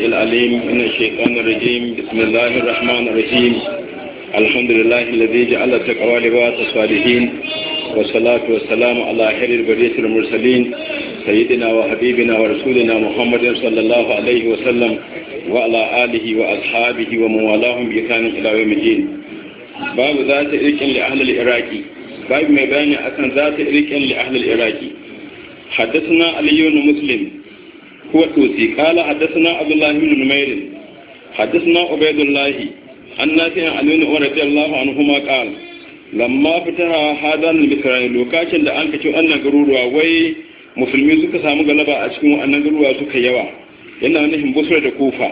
العليم من الشيطان الرجيم بسم الله الرحمن الرحيم الحمد لله الذي جعل التقوى لباس الصالحين والصلاة والسلام على خير البرية المرسلين سيدنا وحبيبنا ورسولنا محمد صلى الله عليه وسلم وعلى آله وأصحابه وموالاهم بإحسان إلى يوم الدين باب ذات إرك لأهل العراق باب ما بين أكن ذات إرك لأهل العراق حدثنا علي بن مسلم هو الطوسي قال حدثنا عبد الله بن نمير حدثنا عبيد الله عن نافع عن ابن عمر رضي الله عنهما قال lamma fitaha hadan al lokacin da an kace wannan garuruwa wai musulmi suka samu galaba a cikin wannan garuruwa suka yawa yana nufin busra da kufa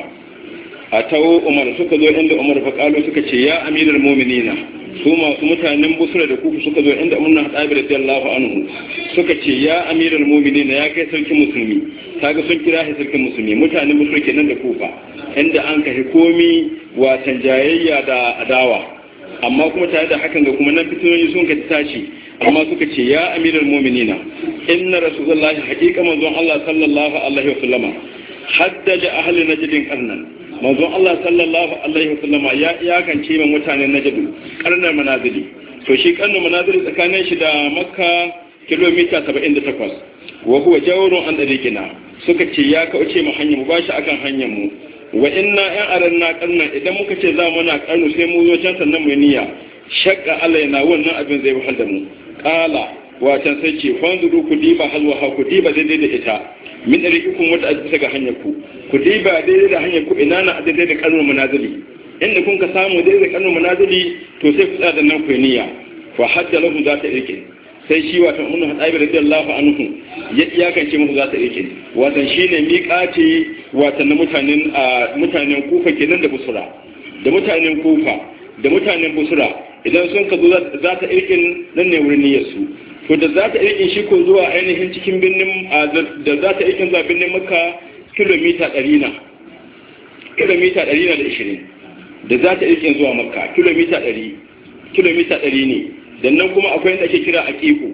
a tawo umar suka zo inda umar fa suka ce ya amirul mu'minina su masu mutanen busra da kuku suka zo inda amurna haɗabi da jallahu anhu suka ce ya amiral mumini na ya kai sarkin musulmi kaga sun kira shi sarkin musulmi mutanen busra kenan da kufa inda an kai komi watan jayayya da adawa amma kuma tare da hakan ga kuma nan fitinoyi sun ka tashi amma suka ce ya amiral muminina inna rasulullahi haƙiƙa manzon Allah sallallahu alaihi wa sallama haddaja ahli najdin qarnan manzon Allah sallallahu alaihi wasallama ya kance ma mutanen Najd karnar manazili to shi karnar manazili tsakanin shi da Makka kilomita 78 wa huwa jawrun an dariqina suka ce ya kauce mu hanyar mu bashi akan hanyar mu wa inna yan aranna karnan idan muka ce za mu na karnu sai mu zo can sannan mu niyya shakka yana wannan abin zai wahal da mu qala watan sai ce fanzuru ku diba halwa ku diba daidai da ita min da ɗari'ikun wata azbisa ga hanyar ku ku dai ba daidai da hanyar ku ina na daidai da karnin manazili inda kun ka samu daidai da karnin manazili to sai ku tsada nan ku niyya fa hajja lahu za ta irkin sai shi watan da hadabi radiyallahu anhu ya iyakance musu za ta irkin watan shine miqati watan na mutanen mutanen kufa kenan da busura da mutanen kufa da mutanen busura idan sun ka zo za ta irkin nan ne wurin niyyar su to da za ta aikin shi ko zuwa ainihin cikin birnin da za ta kan zuwa birnin maka kilomita ɗari na kilomita ɗari na da ishirin da za ta kan zuwa makka kilomita ɗari kilomita ɗari ne dan nan kuma akwai yadda ake kira a ƙiƙo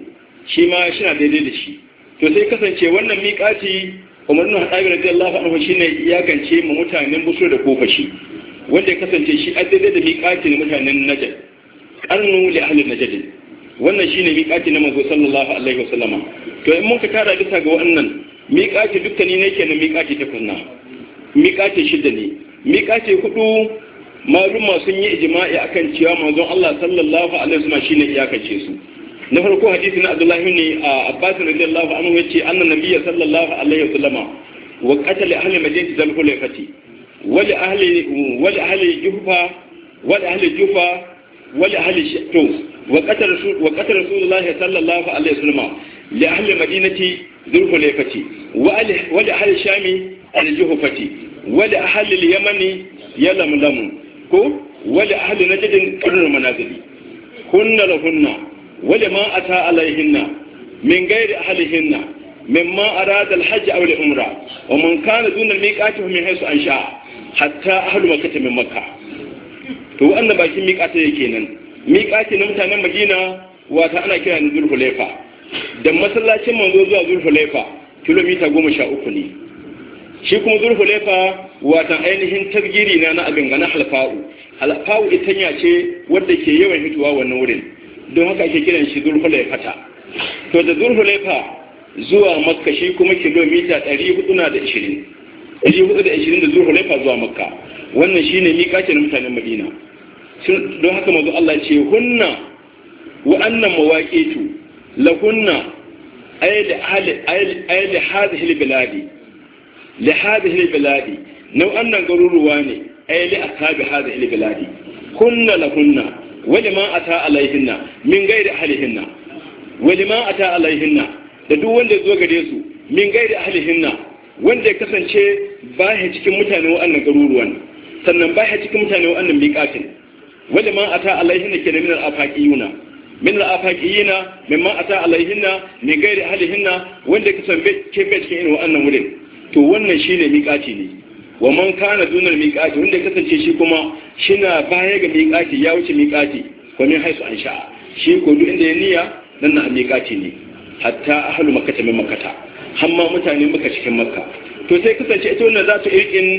shi ma shi na daidai da shi to sai kasance wannan miƙaci umarnu haɗabi radiyallahu anhu shine gance ma mutanen busur da kofashi wanda ya kasance shi a daidai da miƙaci na mutanen najar ƙarnu li ahlin najar wannan shine miƙati na manzo sallallahu alaihi wasallama to in mun ka tara bisa ga wannan miƙati dukkani ne kenan miƙati takwas na miƙati shida ne miƙati hudu maluma sun yi ijma'i akan cewa manzon Allah sallallahu alaihi wasallam shine iyakace su na farko hadisi na Abdullahi ne a Abbas radiyallahu anhu yace anna nabiyya sallallahu alaihi wasallam wa qatala ahli madinati zal khulafati wa li ahli wa li ahli juhfa wa li ahli Jufa wa li ahli shatus wa ƙasar rasulullahi sallallahu alaihi wasallam li ahli madinati zurfu ne fati wa li ahli shami aljuhu fati wa li ahli yamani yalam lam ko wa li ahli najdin qurun manazili kunna lahunna wa li ma ata alaihinna min ghairi ahlihinna mimma arada alhajj aw umra wa man kana duna almiqati min haythu ansha hatta ahlu makkah min makkah to wannan bakin miqati yake nan. miƙaci na mutanen madina wata ana kira na laifa da masallacin manzo zuwa laifa kilomita goma sha uku ne shi kuma laifa wata ainihin tasgiri na na abin gana alfa'u alfa'u itanya ce wadda ke yawan hituwa wannan wurin don haka ake kiran shi ta to da laifa zuwa makka shi kuma kilomita ɗari 420 da da laifa zuwa makka wannan shine na mutanen madina don haka mazu Allah ce hunna wa'annan la hunna ayyar da hazihil biladi da hazihil biladi na wa'annan garuruwa ne ayyar da asabi hazihil biladi hunna la hunna wani ma a ta alaihinna min da ahalihinna wani ma a ta alaihinna da duk wanda ya zo gare su min da ahalihinna wanda ya kasance ba cikin mutane wa'annan garuruwan sannan ba cikin mutane wa'annan miƙatin wani man ata alaihinna ke da minar afaqiyuna minar afaqiyina mimman ata alaihinna min gairi ahlihinna wanda ke san ke bai cikin irin wannan wurin to wannan shine miƙaci ne wa man kana dunar miƙaci wanda ya kasance shi kuma shina baya ga miƙaci ya wuce miƙaci ko min haisu an sha'a shi ko duk inda ya niyya nan na miƙaci ne hatta ahlu makata min makata hamma mutane muka cikin makka to sai kasance ita wannan za ta irkin